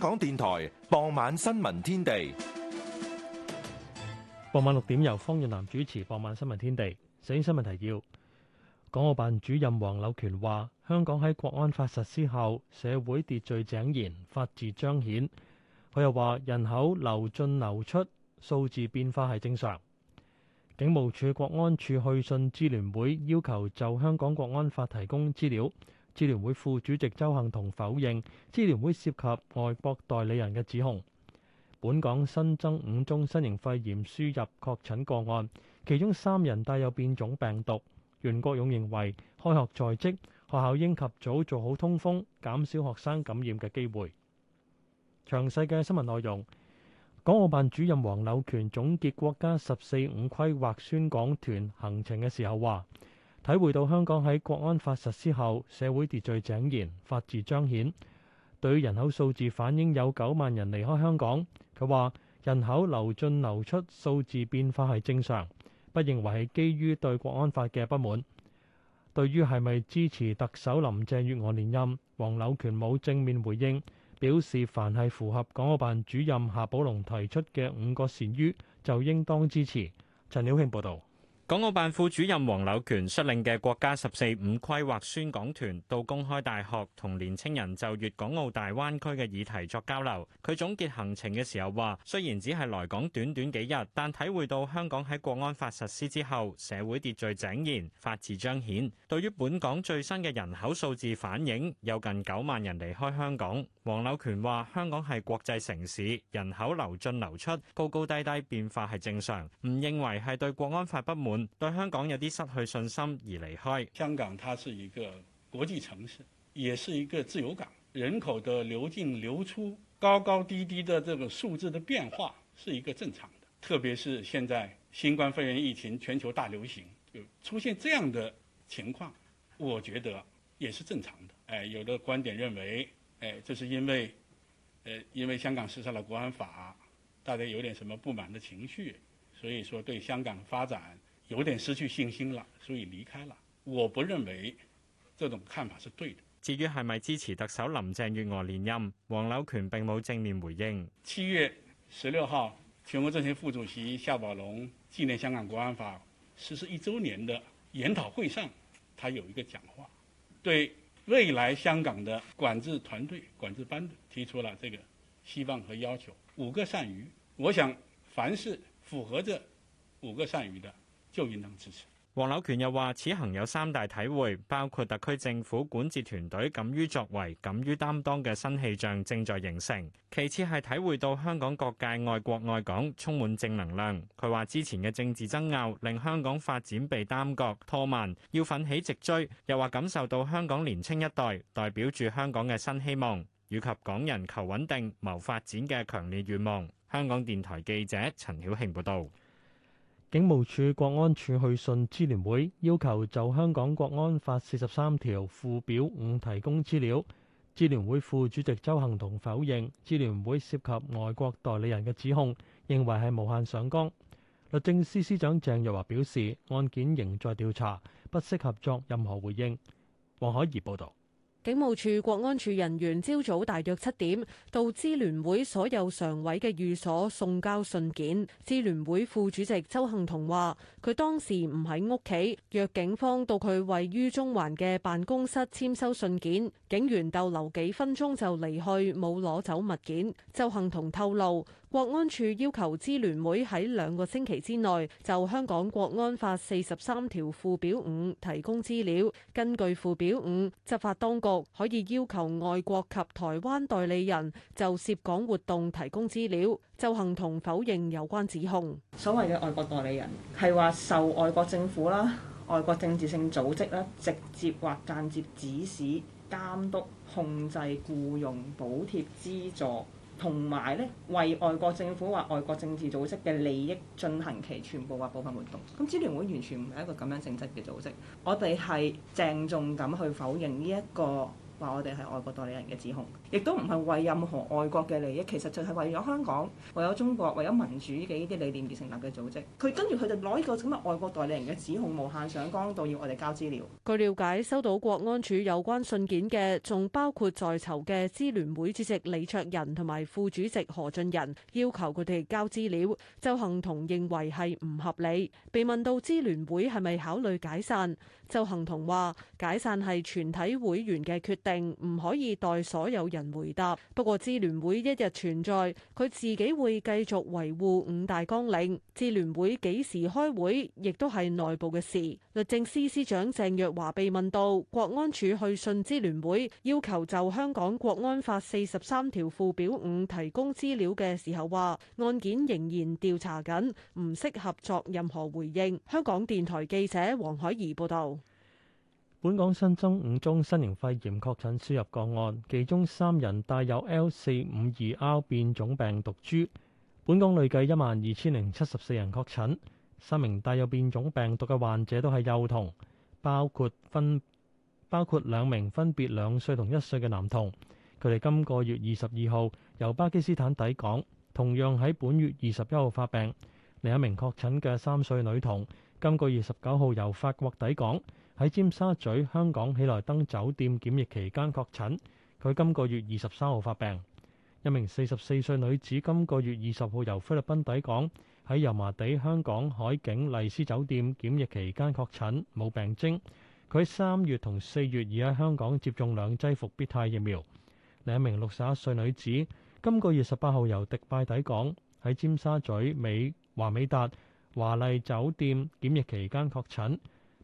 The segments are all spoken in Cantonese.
香港電台傍晚新聞天地，傍晚六點由方潤南主持。傍晚新聞天地，首先新聞提要：港澳辦主任黃柳權話，香港喺國安法實施後，社會秩序井然，法治彰顯。佢又話，人口流進流出數字變化係正常。警務處國安處去信支聯會，要求就香港國安法提供資料。支聯會副主席鄒幸彤否認支聯會涉及外國代理人嘅指控。本港新增五宗新型肺炎輸入確診個案，其中三人帶有變種病毒。袁國勇認為開學在即，學校應及早做好通風，減少學生感染嘅機會。詳細嘅新聞內容，港澳辦主任黃柳權總結國家十四五規劃宣講團行程嘅時候話。喺回到香港喺國安法實施後，社會秩序井然，法治彰顯。對人口數字反映有九萬人離開香港，佢話人口流進流出數字變化係正常，不認為係基於對國安法嘅不滿，對於係咪支持特首林鄭月娥連任，黃柳權冇正面回應，表示凡係符合港澳辦主任夏寶龍提出嘅五個善於，就應當支持。陳曉慶報道。港澳辦副主任黃柳權率領嘅國家十四五規劃宣講團到公開大學同年青人就粵港澳大灣區嘅議題作交流。佢總結行程嘅時候話，雖然只係來港短短幾日，但體會到香港喺國安法實施之後，社會秩序井然，法治彰顯。對於本港最新嘅人口數字反映，有近九萬人離開香港。黃柳權話，香港係國際城市，人口流進流出，高高低低變化係正常，唔認為係對國安法不滿。對香港有啲失去信心而離開。香港它是一個國際城市，也是一個自由港，人口的流進流出高高低低的這個數字的變化是一個正常的。特別是現在新冠肺炎疫情全球大流行，就出現這樣的情況，我覺得也是正常的。哎，有的觀點認為，哎，這是因為哎，因為香港實施了國安法，大家有點什麼不滿的情緒，所以說對香港發展。有點失去信心了，所以離開了。我不認為這種看法是對的。至於係咪支持特首林鄭月娥連任，黃柳權並冇正面回應。七月十六號，全國政協副主席夏寶龍紀念香港國安法實施一周年的研討會上，他有一個講話，對未來香港的管制團隊、管制班子提出了這個希望和要求。五個善於，我想凡是符合這五個善於的。黃柳權又話：此行有三大體會，包括特區政府管治團隊敢於作為、敢於擔當嘅新氣象正在形成。其次係體會到香港各界愛國愛港充滿正能量。佢話：之前嘅政治爭拗令香港發展被耽擱拖慢，要奮起直追。又話感受到香港年青一代代表住香港嘅新希望，以及港人求穩定、謀發展嘅強烈願望。香港電台記者陳曉慶報導。警務處國安處去信支聯會，要求就香港國安法四十三條附表五提供資料。支聯會副主席周幸彤否認支聯會涉及外國代理人嘅指控，認為係無限上綱。律政司司長鄭若驊表示，案件仍在調查，不適合作任何回應。黃海怡報道。警務處國安處人員朝早大約七點到支聯會所有常委嘅寓所送交信件。支聯會副主席周幸彤話：佢當時唔喺屋企，約警方到佢位於中環嘅辦公室簽收信件。警員逗留幾分鐘就離去，冇攞走物件。周幸彤透露。國安處要求支聯會喺兩個星期之內就香港國安法四十三條附表五提供資料。根據附表五，執法當局可以要求外國及台灣代理人就涉港活動提供資料，鄒幸彤否認有關指控。所謂嘅外國代理人，係話受外國政府啦、外國政治性組織啦，直接或間接指使、監督、控制、雇傭、補貼、資助。同埋咧，為外國政府或外國政治組織嘅利益進行其全部或部分活動，咁支聯會完全唔係一個咁樣性質嘅組織，我哋係鄭重咁去否認呢、這、一個。話我哋係外國代理人嘅指控，亦都唔係為任何外國嘅利益，其實就係為咗香港、為咗中國、為咗民主嘅呢啲理念而成立嘅組織。佢跟住佢就攞呢個咁嘅外國代理人嘅指控無限上綱到要我哋交資料。據了解，收到國安處有關信件嘅，仲包括在囚嘅支聯會主席李卓人同埋副主席何俊仁，要求佢哋交資料。鄒幸彤認為係唔合理。被問到支聯會係咪考慮解散，鄒幸彤話：解散係全體會員嘅決定。定唔可以代所有人回答。不過支聯會一日存在，佢自己會繼續維護五大綱領。支聯會幾時開會亦都係內部嘅事。律政司司長鄭若驊被問到國安處去信支聯會要求就香港國安法四十三條附表五提供資料嘅時候，話案件仍然調查緊唔適合作任何回應。香港電台記者黃海怡報道。本港新增五宗新型肺炎確診輸入個案，其中三人帶有 L 四五二 R 變種病毒株。本港累計一萬二千零七十四人確診，三名帶有變種病毒嘅患者都係幼童，包括分包括兩名分別兩歲同一歲嘅男童，佢哋今個月二十二號由巴基斯坦抵港，同樣喺本月二十一號發病。另一名確診嘅三歲女童，今個月十九號由法國抵港，喺尖沙咀香港喜來登酒店檢疫期間確診，佢今個月二十三號發病。一名四十四歲女子今個月二十號由菲律賓抵港，喺油麻地香港海景麗斯酒店檢疫期間確診，冇病徵。佢喺三月同四月已喺香港接種兩劑復必泰疫苗。另一名六十一歲女子今個月十八號由迪拜抵港，喺尖沙咀美華美達華麗酒店檢疫期間確診。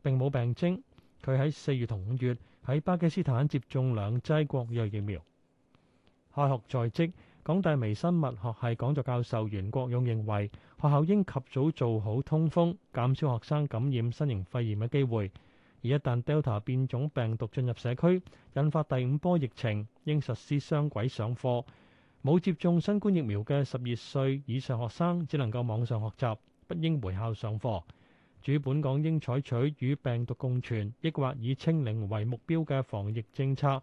並冇病徵，佢喺四月同五月喺巴基斯坦接種兩劑國藥疫苗。開學在即，港大微生物學系講座教授袁國勇認為，學校應及早做好通風，減少學生感染新型肺炎嘅機會。而一旦 Delta 變種病毒進入社區，引發第五波疫情，應實施雙軌上課。冇接種新冠疫苗嘅十二歲以上學生，只能夠網上學習，不應回校上課。主本港應採取與病毒共存，抑或以清零為目標嘅防疫政策。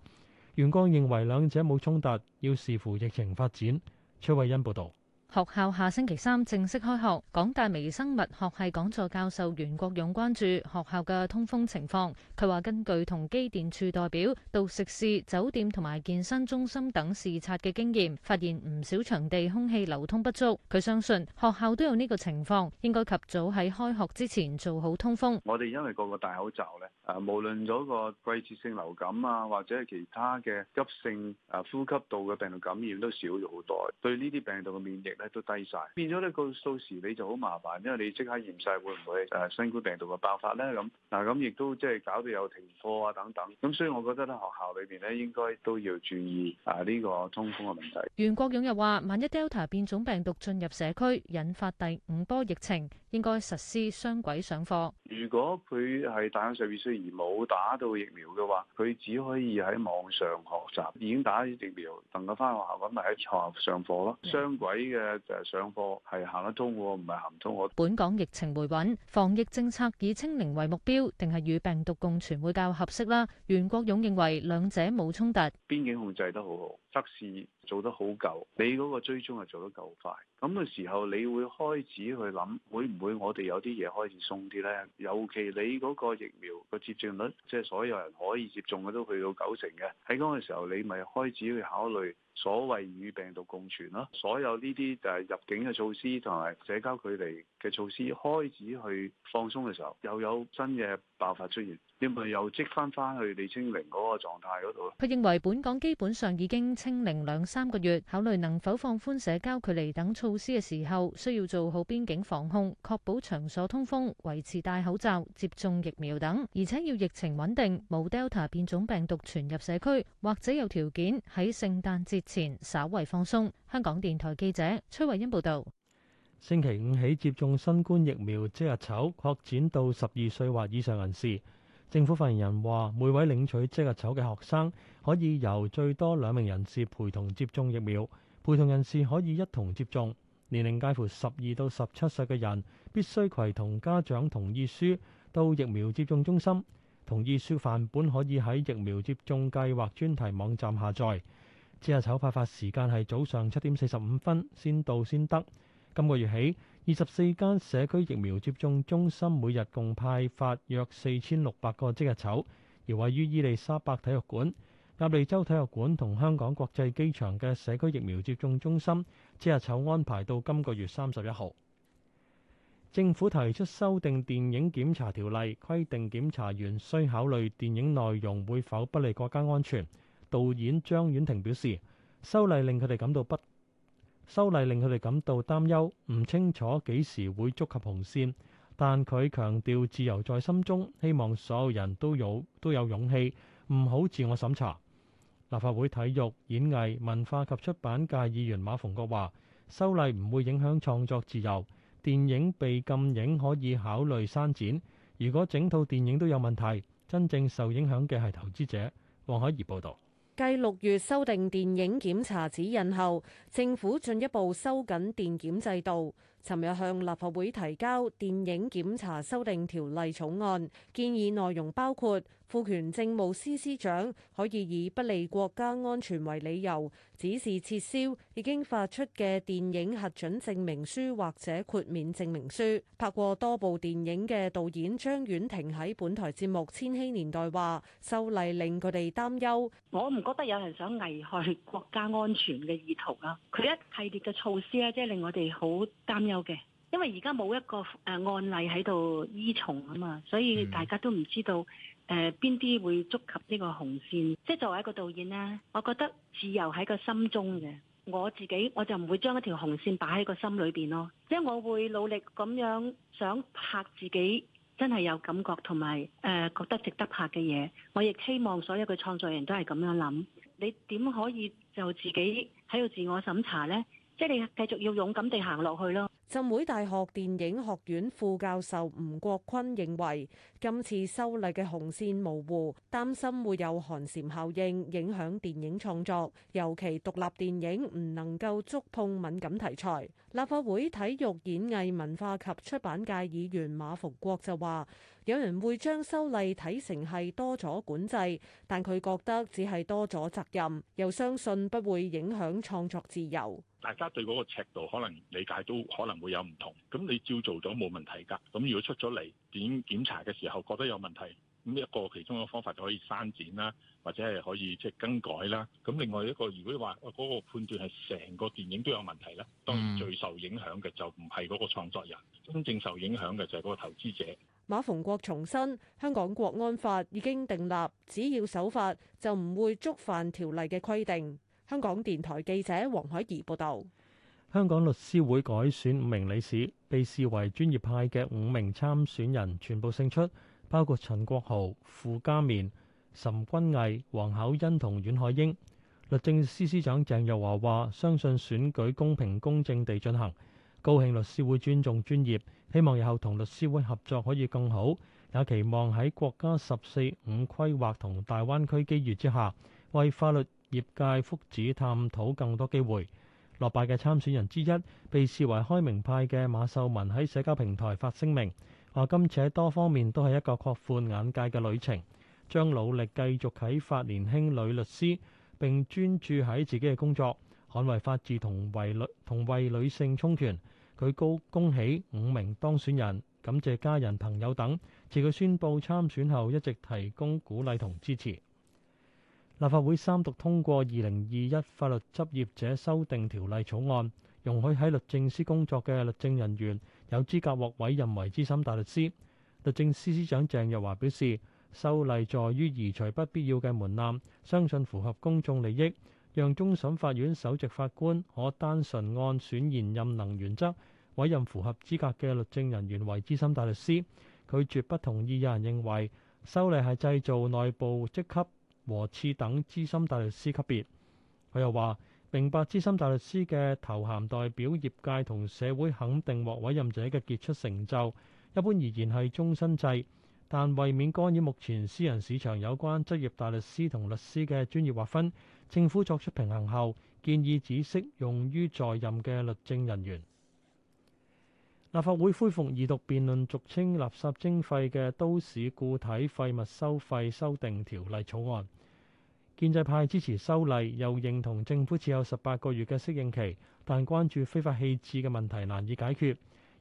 袁江認為兩者冇衝突，要視乎疫情發展。崔慧欣報導。學校下星期三正式開學。港大微生物學系講座教授袁國勇關注學校嘅通風情況。佢話根據同機電署代表到食肆、酒店同埋健身中心等視察嘅經驗，發現唔少場地空氣流通不足。佢相信學校都有呢個情況，應該及早喺開學之前做好通風。我哋因為個個戴口罩咧，誒，無論嗰個季節性流感啊，或者係其他嘅急性誒呼吸道嘅病毒感染都少咗好多。對呢啲病毒嘅免疫。都低曬，變咗咧，個到時你就好麻煩，因為你即刻驗晒會唔會誒新冠病毒嘅爆發咧，咁嗱，咁亦都即係搞到有停課啊等等，咁所以我覺得咧，學校裏邊咧應該都要注意啊呢個通風嘅問題。袁國勇又話，萬一 Delta 變種病毒進入社區，引發第五波疫情，應該實施雙軌上課。如果佢係大約十二歲而冇打到疫苗嘅話，佢只可以喺網上學習；已經打咗疫苗，能夠返學校，咁咪喺學校上課咯。雙軌嘅。就係上課，係行得通喎，唔係行唔通我。本港疫情回穩，防疫政策以清零為目標，定係與病毒共存會較合適啦？袁國勇認為，兩者冇衝突。邊境控制得好好。測試。做得好夠，你嗰個追蹤係做得夠快，咁嘅時候你會開始去諗，會唔會我哋有啲嘢開始鬆啲呢？尤其你嗰個疫苗個接種率，即係所有人可以接種嘅都去到九成嘅，喺嗰個時候你咪開始去考慮所謂與病毒共存咯，所有呢啲就係入境嘅措施同埋社交距離。嘅措施開始去放鬆嘅時候，又有新嘅爆發出現，會唔會又積翻翻去未清零嗰個狀態嗰度咧？佢認為本港基本上已經清零兩三個月，考慮能否放寬社交距離等措施嘅時候，需要做好邊境防控，確保場所通風，維持戴口罩、接種疫苗等，而且要疫情穩定，冇 Delta 變種病毒傳入社區，或者有條件喺聖誕節前稍為放鬆。香港電台記者崔慧欣報道。星期五起接種新冠疫苗即日籌擴展到十二歲或以上人士。政府發言人話，每位領取即日籌嘅學生可以由最多兩名人士陪同接種疫苗，陪同人士可以一同接種。年齡介乎十二到十七歲嘅人必須攜同家長同意書到疫苗接種中心。同意書範本可以喺疫苗接種計劃專題網站下載。即日籌派發時間係早上七點四十五分，先到先得。今個月起，二十四間社區疫苗接種中心每日共派發約四千六百個即日籌，而位於伊利沙伯體育館、鴨脷洲體育館同香港國際機場嘅社區疫苗接種中心，即日籌安排到今個月三十一號。政府提出修訂電影檢查條例，規定檢查員需考慮電影內容會否不利國家安全。導演張婉婷表示，修例令佢哋感到不。修例令佢哋感到擔憂，唔清楚幾時會觸及紅線，但佢強調自由在心中，希望所有人都有都有勇氣，唔好自我審查。立法會體育、演藝、文化及出版界議員馬逢國話：修例唔會影響創作自由，電影被禁影可以考慮刪剪，如果整套電影都有問題，真正受影響嘅係投資者。黃海怡報導。繼六月修訂電影檢查指引後，政府進一步收緊電檢制度。尋日向立法會提交電影檢查修訂條例草案，建議內容包括，賦權政務司司長可以以不利國家安全為理由，指示撤銷已經發出嘅電影核准證明書或者豁免證明書。拍過多部電影嘅導演張婉婷喺本台節目《千禧年代》話，修例令佢哋擔憂。我唔覺得有人想危害國家安全嘅意圖呀。佢一系列嘅措施咧，即係令我哋好擔憂。有嘅，因為而家冇一個誒案例喺度依從啊嘛，所以大家都唔知道誒邊啲會觸及呢個紅線。即係作為一個導演咧，我覺得自由喺個心中嘅，我自己我就唔會將一條紅線擺喺個心裏邊咯，因為我會努力咁樣想拍自己真係有感覺同埋誒覺得值得拍嘅嘢。我亦希望所有嘅創作人都係咁樣諗。你點可以就自己喺度自我審查咧？即係你繼續要勇敢地行落去咯。浸會大學電影學院副教授吳國坤認為，今次修例嘅紅線模糊，擔心會有寒蟬效應，影響電影創作，尤其獨立電影唔能夠觸碰敏感題材。立法會體育、演藝、文化及出版界議員馬逢國就話。有人會將修例睇成係多咗管制，但佢覺得只係多咗責任，又相信不會影響創作自由。大家對嗰個尺度可能理解都可能會有唔同。咁你照做咗冇問題噶。咁如果出咗嚟，點檢查嘅時候覺得有問題，咁一個其中一個方法就可以刪剪啦，或者係可以即係更改啦。咁另外一個，如果話嗰個判斷係成個電影都有問題啦，當然最受影響嘅就唔係嗰個創作人，真正受影響嘅就係嗰個投資者。馬逢國重申，香港國安法已經訂立，只要守法就唔會觸犯條例嘅規定。香港電台記者黃海怡報道。香港律師會改選五名理事，被視為專業派嘅五名參選人全部勝出，包括陳國豪、傅家勉、岑君毅、黃巧恩同阮海英。律政司司長鄭若驊話，相信選舉公平公正地進行。高興律師會尊重專業，希望以後同律師會合作可以更好，也期望喺國家十四五規劃同大灣區機遇之下，為法律業界福祉探討更多機會。落敗嘅參選人之一，被視為開明派嘅馬秀文喺社交平台發聲明，話今次喺多方面都係一個擴闊眼界嘅旅程，將努力繼續啟發年輕女律師，並專注喺自己嘅工作。捍衛法治同為女同為女性充權，佢高恭喜五名當選人，感謝家人朋友等，自佢宣佈參選後一直提供鼓勵同支持。立法會三讀通過《二零二一法律執業者修訂條例草案》，容許喺律政司工作嘅律政人員有資格獲委任為資深大律師。律政司司長鄭若驊表示，修例在於移除不必要嘅門檻，相信符合公眾利益。讓終審法院首席法官可單純按選賢任能原則委任符合資格嘅律政人員為資深大律師。佢絕不同意有人認為修例係製造內部職級和次等資深大律師級別。佢又話：明白資深大律師嘅頭銜代表業界同社會肯定獲委任者嘅傑出成就。一般而言係終身制，但為免干擾目前私人市場有關職業大律師同律師嘅專業劃分。政府作出平衡後，建議只適用於在任嘅律政人員。立法會恢復二讀辯論俗稱垃圾徵費嘅都市固體廢物收費修訂條例草案，建制派支持修例，又認同政府設有十八個月嘅適應期，但關注非法棄置嘅問題難以解決，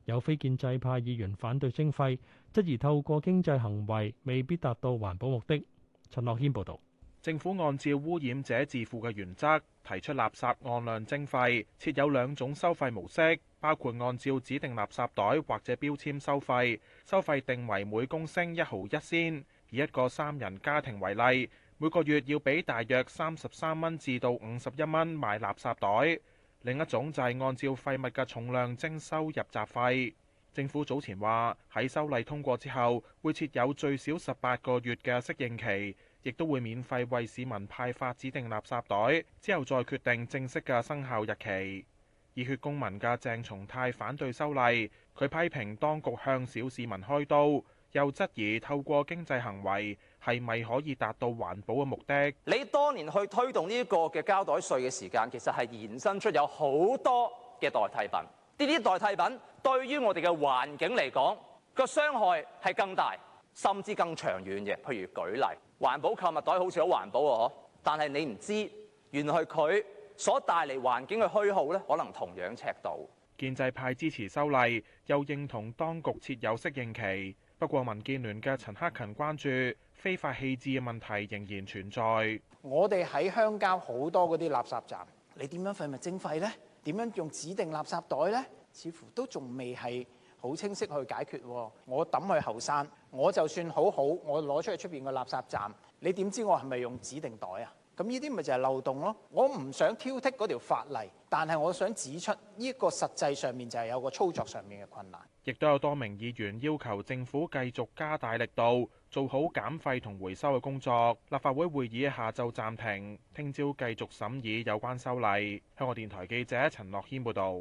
有非建制派議員反對徵費，質疑透過經濟行為未必達到環保目的。陳樂謙報道。政府按照污染者自付嘅原則提出垃圾按量徵費，設有兩種收費模式，包括按照指定垃圾袋或者標籤收費，收費定為每公升一毫一仙。以一個三人家庭為例，每個月要俾大約三十三蚊至到五十一蚊買垃圾袋。另一種就係按照廢物嘅重量徵收入閘費，政府早前話喺修例通過之後會設有最少十八個月嘅適應期。亦都會免費為市民派發指定垃圾袋，之後再決定正式嘅生效日期。熱血公民嘅鄭松泰反對修例，佢批評當局向小市民開刀，又質疑透過經濟行為係咪可以達到環保嘅目的。你多年去推動呢個嘅膠袋稅嘅時間，其實係延伸出有好多嘅代替品。呢啲代替品對於我哋嘅環境嚟講，個傷害係更大，甚至更長遠嘅。譬如舉例。環保購物袋好似好環保喎，但係你唔知，原來佢所帶嚟環境嘅虛耗咧，可能同樣尺度。建制派支持修例，又認同當局設有適應期。不過民建聯嘅陳克勤關注非法棄置嘅問題仍然存在。我哋喺鄉郊好多嗰啲垃圾站，你點樣廢物徵費呢？點樣用指定垃圾袋呢？似乎都仲未係。好清晰去解決，哦，我抌去後山，我就算好好，我攞出去出邊個垃圾站，你點知我係咪用指定袋啊？咁呢啲咪就係漏洞咯，哦。我唔想挑剔嗰條法例，但係我想指出呢個實際上面就係有個操作上面嘅困難，亦都有多名議員要求政府繼續加大力度做好減廢同回收嘅工作。立法會會議下晝暫停，聽朝繼續審議有關修例。香港電台記者陳樂謙報道。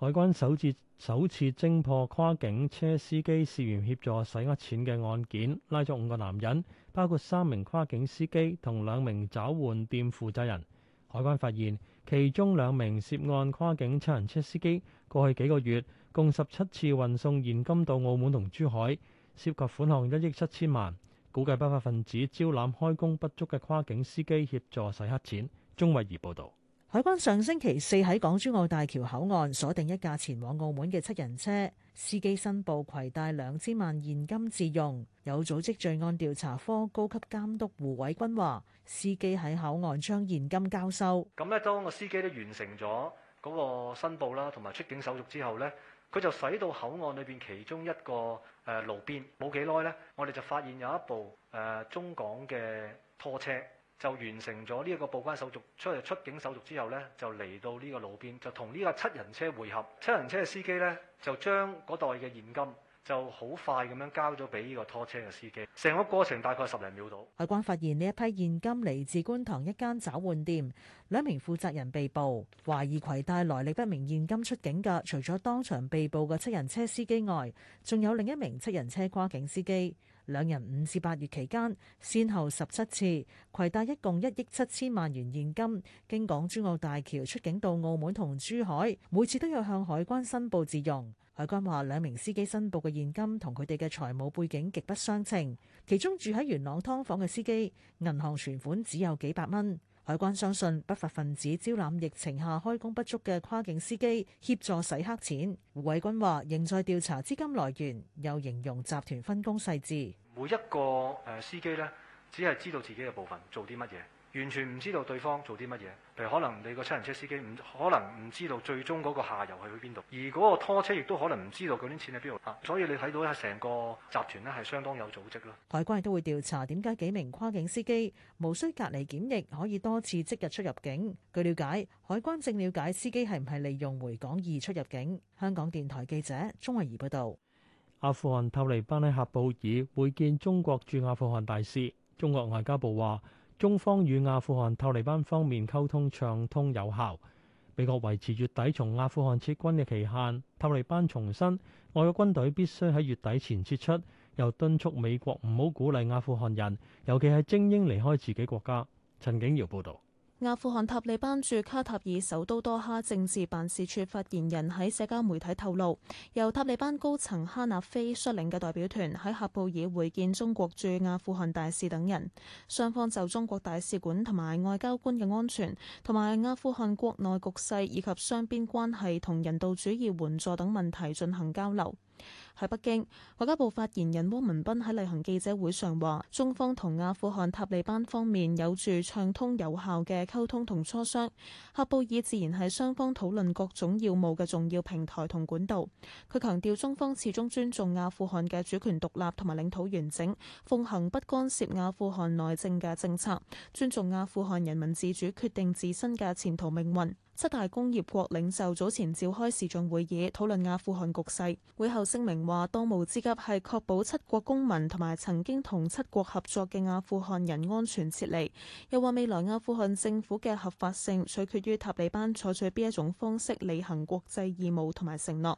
海關首次。首次偵破跨境車司機涉嫌協助洗黑錢嘅案件，拉咗五個男人，包括三名跨境司機同兩名找換店負責人。海關發現其中兩名涉案跨境七人車司機過去幾個月共十七次運送現金到澳門同珠海，涉及款項一億七千萬。估計不法分子招攬開工不足嘅跨境司機協助洗黑錢。鐘慧儀報道。海關上星期四喺港珠澳大橋口岸鎖定一架前往澳門嘅七人車，司機申報攜帶兩千萬現金自用。有組織罪案調查科高級監督胡偉君話，司機喺口岸將現金交收。咁呢，當個司機都完成咗嗰個申報啦，同埋出境手續之後呢，佢就駛到口岸裏邊其中一個誒路邊，冇幾耐呢，我哋就發現有一部誒中港嘅拖車。就完成咗呢一個報關手續，出出境手續之後呢，就嚟到呢個路邊，就同呢架七人車會合。七人車嘅司機呢，就將嗰袋嘅現金就好快咁樣交咗俾呢個拖車嘅司機。成個過程大概十零秒度。海關發現呢一批現金嚟自觀塘一間找換店，兩名負責人被捕，懷疑攜帶來歷不明現金出境嘅，除咗當場被捕嘅七人車司機外，仲有另一名七人車跨境司機。兩人五至八月期間，先後十七次攜帶一共一億七千萬元現金，經港珠澳大橋出境到澳門同珠海，每次都有向海關申報自用。海關話，兩名司機申報嘅現金同佢哋嘅財務背景極不相稱，其中住喺元朗劏房嘅司機，銀行存款只有幾百蚊。海關相信不法分子招攬疫情下開工不足嘅跨境司機協助洗黑錢。胡偉君話，仍在調查資金來源，又形容集團分工細緻，每一個誒司機咧只係知道自己嘅部分，做啲乜嘢。完全唔知道對方做啲乜嘢，譬如可能你個七人車司機唔可能唔知道最終嗰個下游係去邊度，而嗰個拖車亦都可能唔知道嗰啲錢喺邊度啊。所以你睇到咧，成個集團呢，係相當有組織啦，海關亦都會調查點解幾名跨境司機無需隔離檢疫，可以多次即日出入境。據了解，海關正了解司機係唔係利用回港易出入境。香港電台記者鍾慧儀報道。阿富汗塔利班喺喀布爾會見中國駐阿富汗大使。中國外交部話，中方與阿富汗塔利班方面溝通暢通有效。美國維持月底從阿富汗撤軍嘅期限，塔利班重申外國軍隊必須喺月底前撤出，又敦促美國唔好鼓勵阿富汗人，尤其係精英離開自己國家。陳景堯報道。阿富汗塔利班駐卡塔，塔爾首都多哈政治辦事處發言人喺社交媒體透露，由塔利班高層哈納菲率領嘅代表團喺喀布爾會見中國駐阿富汗大使等人，雙方就中國大使館同埋外交官嘅安全，同埋阿富汗國內局勢以及雙邊關係同人道主義援助等問題進行交流。喺北京，外交部發言人汪文斌喺例行記者會上話，中方同阿富汗塔利班方面有住暢通有效嘅溝通同磋商，喀布爾自然係雙方討論各種要務嘅重要平台同管道。佢強調，中方始終尊重阿富汗嘅主權獨立同埋領土完整，奉行不干涉阿富汗內政嘅政策，尊重阿富汗人民自主決定自身嘅前途命運。七大工業國領袖早前召開視像會議，討論阿富汗局勢。會後聲明話，當務之急係確保七國公民同埋曾經同七國合作嘅阿富汗人安全撤離。又話未來阿富汗政府嘅合法性取決於塔利班採取邊一種方式履行國際義務同埋承諾。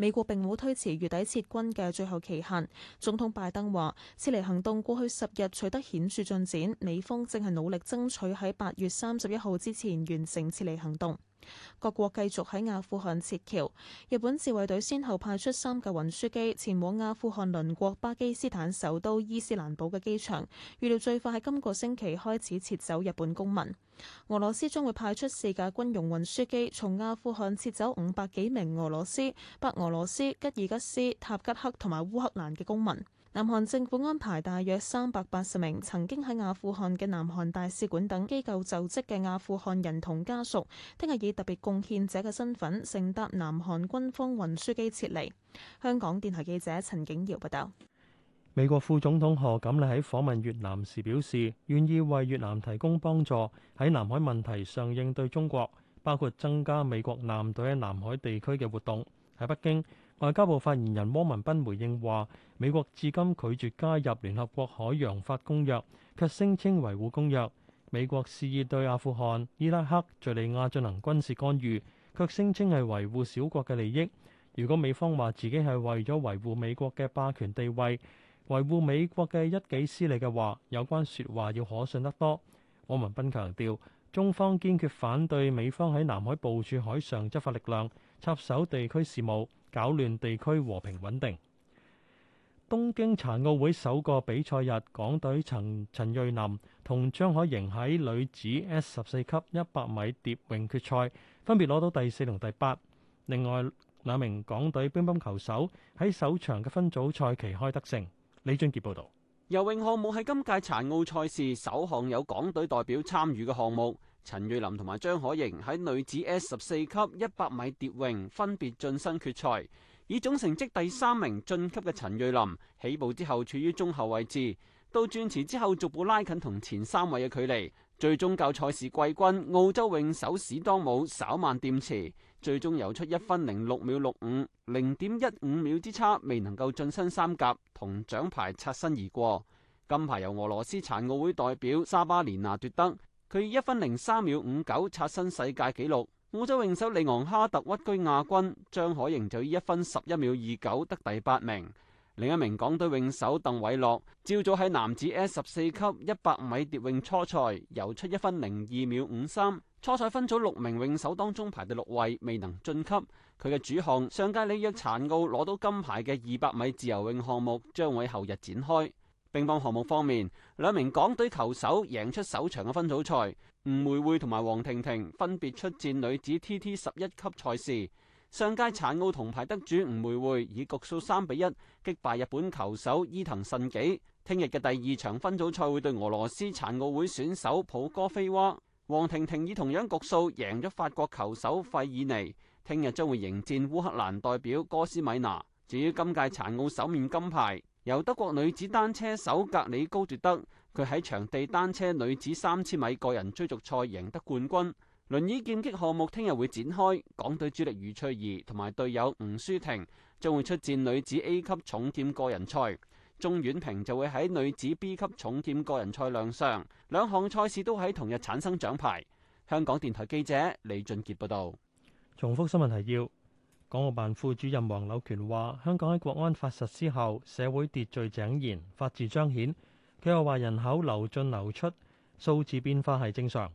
美國並冇推遲月底撤軍嘅最後期限。總統拜登話，撤離行動過去十日取得顯著進展，美方正係努力爭取喺八月三十一號之前完成撤離行動。各國繼續喺阿富汗撤僑。日本自衛隊先後派出三架運輸機前往阿富汗鄰國巴基斯坦首都伊斯蘭堡嘅機場，預料最快喺今個星期開始撤走日本公民。俄羅斯將會派出四架軍用運輸機從阿富汗撤走五百幾名俄羅斯、白俄羅斯、吉爾吉斯、塔吉克同埋烏克蘭嘅公民。南韓政府安排大約三百八十名曾經喺阿富汗嘅南韓大使館等機構就職嘅阿富汗人同家屬，聽日以特別貢獻者嘅身份乘搭南韓軍方運輸機撤離。香港電台記者陳景瑤報道。美國副總統賀錦麗喺訪問越南時表示，願意為越南提供幫助，喺南海問題上應對中國，包括增加美國艦隊喺南海地區嘅活動。喺北京。外交部發言人汪文斌回應話：美國至今拒絕加入聯合國海洋法公約，卻聲稱維護公約；美國肆意對阿富汗、伊拉克、敍利亞進行軍事干預，卻聲稱係維護小國嘅利益。如果美方話自己係為咗維護美國嘅霸權地位、維護美國嘅一己私利嘅話，有關説話要可信得多。汪文斌強調，中方堅決反對美方喺南海部署海上執法力量、插手地區事務。搞亂地區和平穩定。東京殘奧會首個比賽日，港隊陳陳瑞琳同張海瑩喺女子 S 十四級一百米蝶泳決賽分別攞到第四同第八。另外，兩名港隊乒乓球手喺首場嘅分組賽期開得勝。李俊傑報導。游泳項目係今屆殘奧賽事首項有港隊代表參與嘅項目。陳瑞琳同埋張可盈喺女子 S 十四級一百米蝶泳分別晉身決賽，以總成績第三名晉級嘅陳瑞琳起步之後處於中後位置，到轉池之後逐步拉近同前三位嘅距離，最終較賽事季軍澳洲泳手史多姆稍慢掂池，最終游出一分零六秒六五，零點一五秒之差未能夠晉身三甲，同獎牌擦身而過。金牌由俄羅斯殘奧會代表沙巴連娜奪得。佢以一分零三秒五九刷新世界紀錄，澳洲泳手利昂哈特屈居亞軍，張海盈就以一分十一秒二九得第八名。另一名港隊泳手鄧偉樂，朝早喺男子 S 十四級一百米蝶泳初賽游出一分零二秒五三，初賽分組六名泳手當中排第六位，未能晉級。佢嘅主項上屆里約殘奧攞到金牌嘅二百米自由泳項目，將會後日展開。乒乓項目方面，兩名港隊球手贏出首場嘅分組賽，吳梅會同埋王婷婷分別出戰女子 TT 十一級賽事。上屆殘奧銅牌得主吳梅會以局數三比一擊敗日本球手伊藤慎紀，聽日嘅第二場分組賽會對俄羅斯殘奧會選手普哥菲娃。王婷婷以同樣局數贏咗法國球手費爾尼，聽日將會迎戰烏克蘭代表哥斯米娜，至於今屆殘奧首面金牌，由德國女子單車手格里高奪得，佢喺場地單車女子三千米個人追逐賽贏得冠軍。輪椅劍擊項目聽日會展開，港隊主力余翠怡同埋隊友吳舒婷將會出戰女子 A 級重劍個人賽，鍾婉萍就會喺女子 B 級重劍個人賽亮相。兩項賽事都喺同日產生獎牌。香港電台記者李俊傑報道。重複新聞提要。港澳辦副主任黃柳權話：香港喺國安法實施後，社會秩序井然，法治彰顯。佢又話人口流進流出數字變化係正常。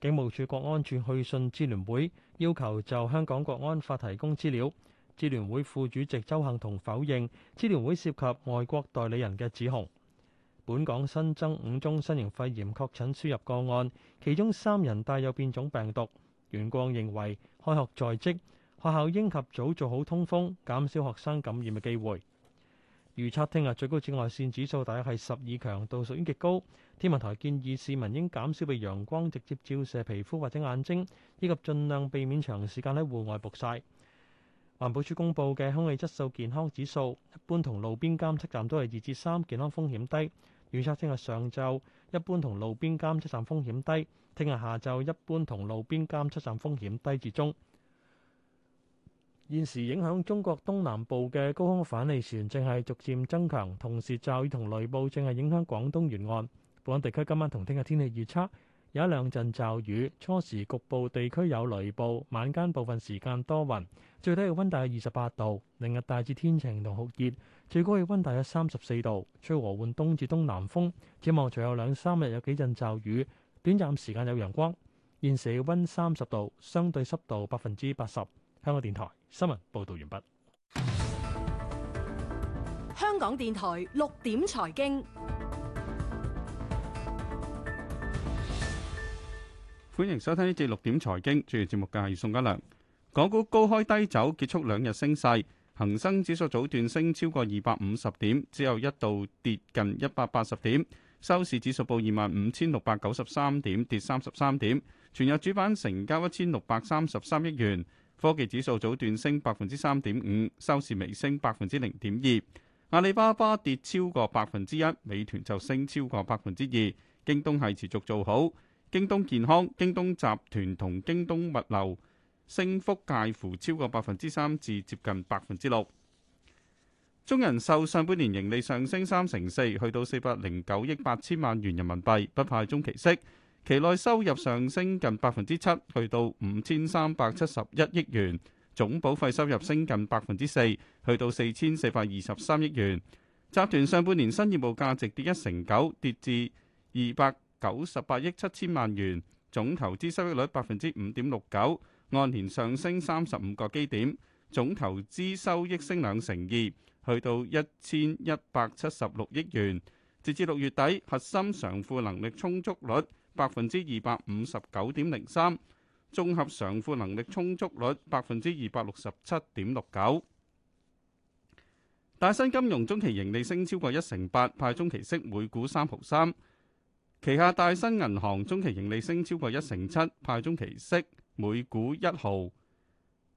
警務處國安處去信支聯會，要求就香港國安法提供資料。支聯會副主席周幸同否認支聯會涉及外國代理人嘅指控。本港新增五宗新型肺炎確診輸入個案，其中三人帶有變種病毒。袁國認為開學在即。學校應及早做好通風，減少學生感染嘅機會。預測聽日最高紫外線指數大約係十二，強度屬於極高。天文台建議市民應減少被陽光直接照射皮膚或者眼睛，以及盡量避免長時間喺戶外曝曬。環保署公布嘅空氣質素健康指數，一般同路邊監測站都係二至三，3, 健康風險低。預測聽日上晝一般同路邊監測站風險低，聽日下晝一般同路邊監測站風險低至中。現時影響中國東南部嘅高空反氣旋正係逐漸增強，同時驟雨同雷暴正係影響廣東沿岸。本港地區今晚同聽日天氣預測有一兩陣驟雨，初時局部地區有雷暴，晚間部分時間多雲，最低氣溫大約二十八度。明日大致天晴同酷熱，最高氣溫大約三十四度，吹和緩東至東南風。展望隨後兩三日有幾陣驟雨，短暫時間有陽光。現時氣溫三十度，相對濕度百分之八十。香港電台新聞報道完畢。香港電台六點財經， 歡迎收聽呢節六點財經主要節目。嘅係宋家良。港股高開低走，結束兩日升勢。恒生指數早段升超過二百五十點，之後一度跌近一百八十點。收市指數報二萬五千六百九十三點，跌三十三點。全日主板成交一千六百三十三億元。科技指數早段升百分之三點五，收市微升百分之零點二。阿里巴巴跌超過百分之一，美團就升超過百分之二。京東係持續做好，京東健康、京東集團同京東物流升幅介乎超過百分之三至接近百分之六。中人壽上半年盈利上升三成四，去到四百零九億八千萬元人民幣，不派中期息。期內收入上升近百分之七，去到五千三百七十一億元；總保費收入升近百分之四，去到四千四百二十三億元。集團上半年新業務價值跌一成九，跌至二百九十八億七千萬元；總投資收益率百分之五點六九，按年上升三十五個基點；總投資收益升兩成二，去到一千一百七十六億元。截至六月底，核心償付能力充足率百分之二百五十九點零三，綜合償付能力充足率百分之二百六十七點六九。大新金融中期盈利升超過一成八，派中期息每股三毫三。旗下大新銀行中期盈利升超過一成七，派中期息每股一毫。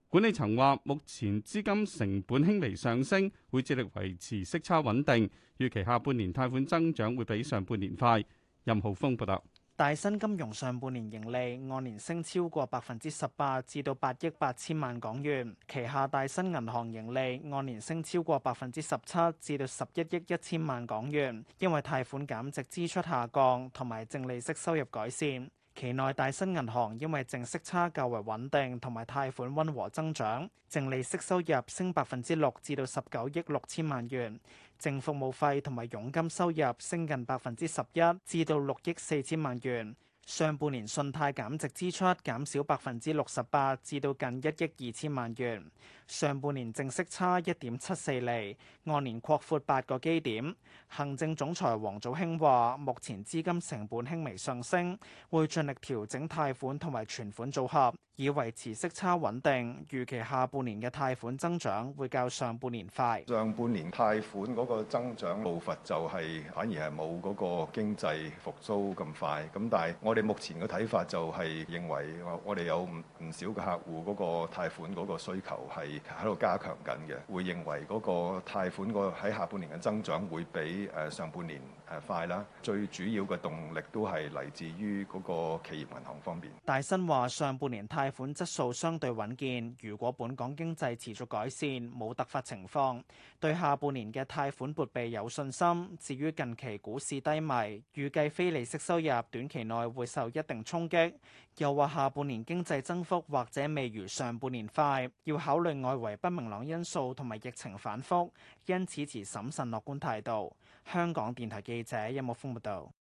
管理層話：目前資金成本輕微上升，會致力維持息差穩定。預期下半年貸款增長會比上半年快。任浩峰報道。大新金融上半年盈利按年升超過百分之十八，至到八億八千萬港元。旗下大新銀行盈利按年升超過百分之十七，至到十一億一千萬港元，因為貸款減值支出下降，同埋淨利息收入改善。期內大新銀行因為淨息差較為穩定，同埋貸款温和增長，淨利息收入升百分之六，至到十九億六千萬元。淨服務費同埋佣金收入升近百分之十一，至到六億四千萬元。上半年信貸減值支出減少百分之六十八，至到近一億二千萬元。上半年淨息差一點七四厘，按年擴闊八個基點。行政總裁黃祖興話：目前資金成本輕微上升，會盡力調整貸款同埋存款組合，以維持息差穩定。預期下半年嘅貸款增長會較上半年快。上半年貸款嗰個增長步伐就係、是、反而係冇嗰個經濟復甦咁快。咁但係我。我哋目前嘅睇法就係認為我我哋有唔唔少嘅客戶嗰個貸款嗰個需求係喺度加強緊嘅，會認為嗰個貸款個喺下半年嘅增長會比誒上半年誒快啦。最主要嘅動力都係嚟自於嗰個企業銀行方面。大新話：上半年貸款質素相對穩健，如果本港經濟持續改善，冇突發情況，對下半年嘅貸款撥備有信心。至於近期股市低迷，預計非利息收入短期內會。受一定衝擊，又話下半年經濟增幅或者未如上半年快，要考慮外圍不明朗因素同埋疫情反覆，因此持審慎樂觀態度。香港電台記者音樂風報道。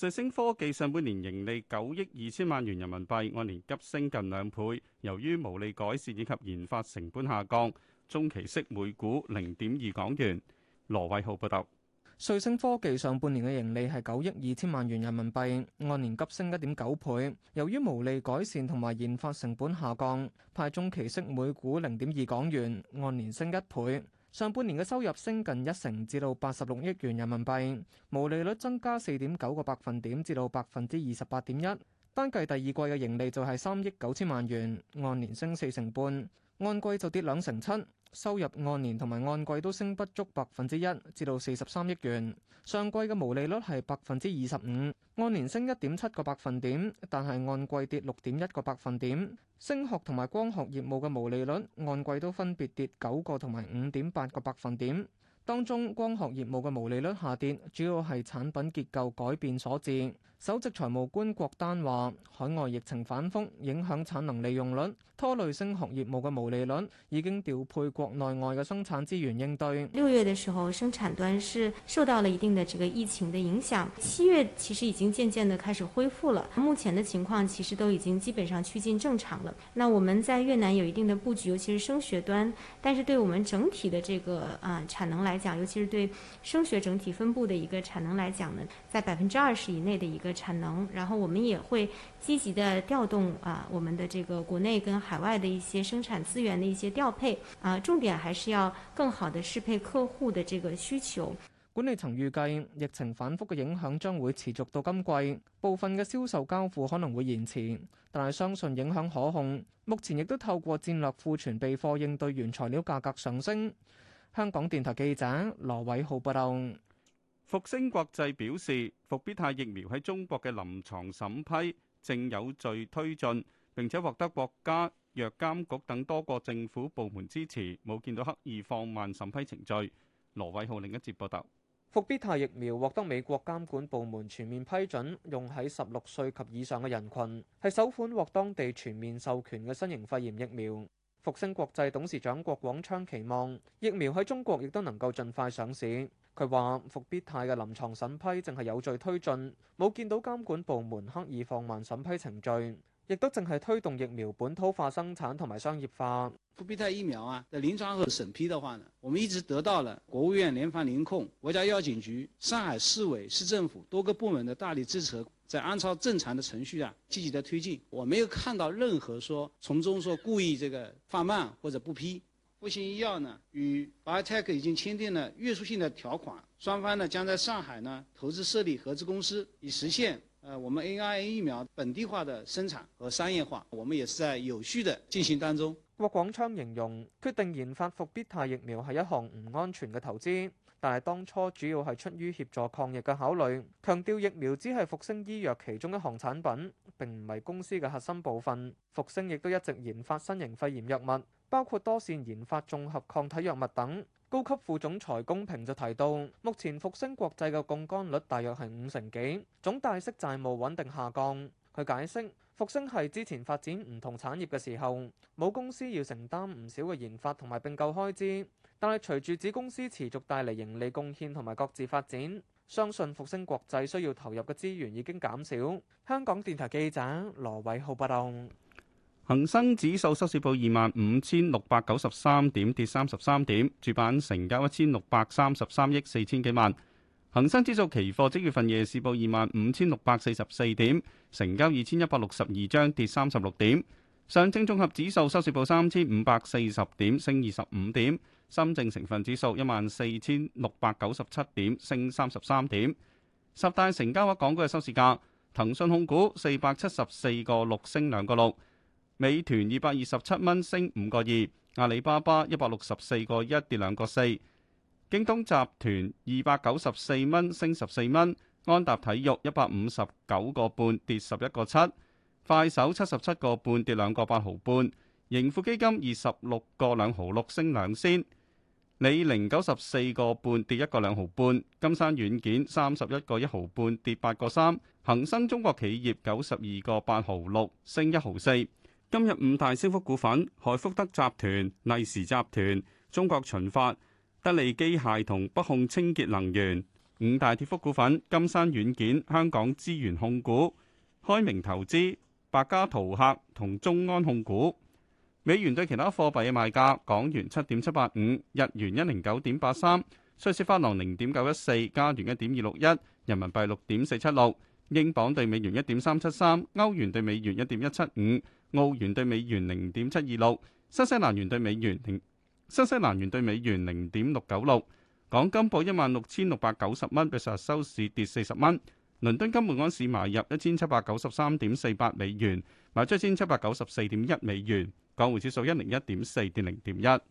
瑞星科技上半年盈利九億二千萬元人民幣按年急升近兩倍，由於毛利改善以及研發成本下降，中期息每股零點二港元。羅偉浩報道。瑞聲科技上半年嘅盈利係九億二千萬元人民幣，按年急升一點九倍。由於毛利改善同埋研發成本下降，派中期息每股零點二港元，按年升一倍。上半年嘅收入升近一成，至到八十六億元人民幣，毛利率增加四點九個百分點，至到百分之二十八點一。單計第二季嘅盈利就係三億九千萬元，按年升四成半，按季就跌兩成七。收入按年同埋按季都升不足百分之一，至到四十三億元。上季嘅毛利率係百分之二十五，按年升一點七個百分點，但係按季跌六點一個百分點，聲學同埋光學業務嘅毛利率按季都分別跌九個同埋五點八個百分點，當中光學業務嘅毛利率下跌，主要係產品結構改變所致。首席財務官郭丹話，海外疫情反覆影響產能利用率，拖累聲學業務嘅毛利率已經調配國內外嘅生產資源應對。六月嘅時候，生產端是受到了一定的這個疫情嘅影響。七月其實已經漸漸的開始恢復了，目前嘅情況其實都已經基本上趨近正常了。那我們在越南有一定的布局，尤其是聲學端，但是對我們整體嘅這個嗯產能來講，尤其是對聲學整體分布嘅一個產能來講呢，在百分之二十以內嘅一個。產能，然後我們也會積極的調動啊，我們的這個國內跟海外的一些生產資源的一些調配啊，重點還是要更好的適配客戶的這個需求。管理層預計，疫情反覆嘅影響將會持續到今季，部分嘅銷售交付可能會延遲，但係相信影響可控。目前亦都透過戰略庫存備貨應對原材料價格上升。香港電台記者羅偉浩報道。復星國際表示，復必泰疫苗喺中國嘅臨床審批正有序推進，並且獲得國家藥監局等多個政府部門支持，冇見到刻意放慢審批程序。羅偉浩另一節報道，復必泰疫苗獲得美國監管部門全面批准，用喺十六歲及以上嘅人群，係首款獲當地全面授權嘅新型肺炎疫苗。復星國際董事長郭廣昌期望疫苗喺中國亦都能夠盡快上市。佢話復必泰嘅臨床審批正係有序推進，冇見到監管部門刻意放慢審批程序，亦都正係推動疫苗本土化生產同埋商業化。復必泰疫苗啊，在臨床和審批嘅話呢，我們一直得到了國務院聯防聯控、國家藥監局、上海市委市政府多個部門嘅大力支持。在按照正常的程序啊，積極的推進。我沒有看到任何說從中說故意這個放慢或者不批。復星醫藥呢，與 BioNTech 已經簽訂了約束性的條款，雙方呢將在上海呢投資設立合資公司，以實現呃我們 A-I-N 疫苗本地化的生產和商業化。我們也是在有序的進行當中。郭廣昌形容決定研發復必泰疫苗係一項唔安全嘅投資。但係當初主要係出於協助抗疫嘅考慮，強調疫苗只係復星醫藥其中一項產品，並唔係公司嘅核心部分。復星亦都一直研發新型肺炎藥物，包括多線研發綜合抗體藥物等。高級副總裁龔平就提到，目前復星國際嘅槓桿率大約係五成幾，總大息債務穩定下降。佢解釋，復星係之前發展唔同產業嘅時候，母公司要承擔唔少嘅研發同埋併購開支。但係，隨住子公司持續帶嚟盈利貢獻同埋各自發展，相信復星國際需要投入嘅資源已經減少。香港電台記者羅偉浩報道。恒生指數收市報二萬五千六百九十三點，跌三十三點；主板成交一千六百三十三億四千幾萬。恒生指數期貨即月份夜市報二萬五千六百四十四點，成交二千一百六十二張，跌三十六點。上證綜合指數收市報三千五百四十點，升二十五點。深證成分指數一萬四千六百九十七點，升三十三點。十大成交額港股嘅收市價：騰訊控股四百七十四個六升兩個六；美團二百二十七蚊升五個二；阿里巴巴一百六十四個一跌兩個四；京東集團二百九十四蚊升十四蚊；安踏體育一百五十九個半跌十一個七；快手七十七個半跌兩個八毫半；盈富基金二十六個兩毫六升兩仙。李寧九十四個半跌一個兩毫半，金山軟件三十一個一毫半跌八個三，恒生中國企業九十二個八毫六升一毫四。今日五大升幅股份：海福德集團、利時集團、中國秦發、德利機械同北控清潔能源。五大跌幅股，股份：金山軟件、香港資源控股、開明投資、百家淘客同中安控股。美元對其他貨幣嘅賣價：港元七點七八五，日元一零九點八三，瑞士法郎零點九一四，加元一點二六一，人民幣六點四七六，英鎊對美元一點三七三，歐元對美元一點一七五，澳元對美元零點七二六，新西蘭元對美元零新西蘭元對美元零點六九六。港金報一萬六千六百九十蚊，比上日收市跌四十蚊。倫敦金每盎司買入一千七百九十三點四八美元，賣出一千七百九十四點一美元。港匯指數一零一點四跌零點一。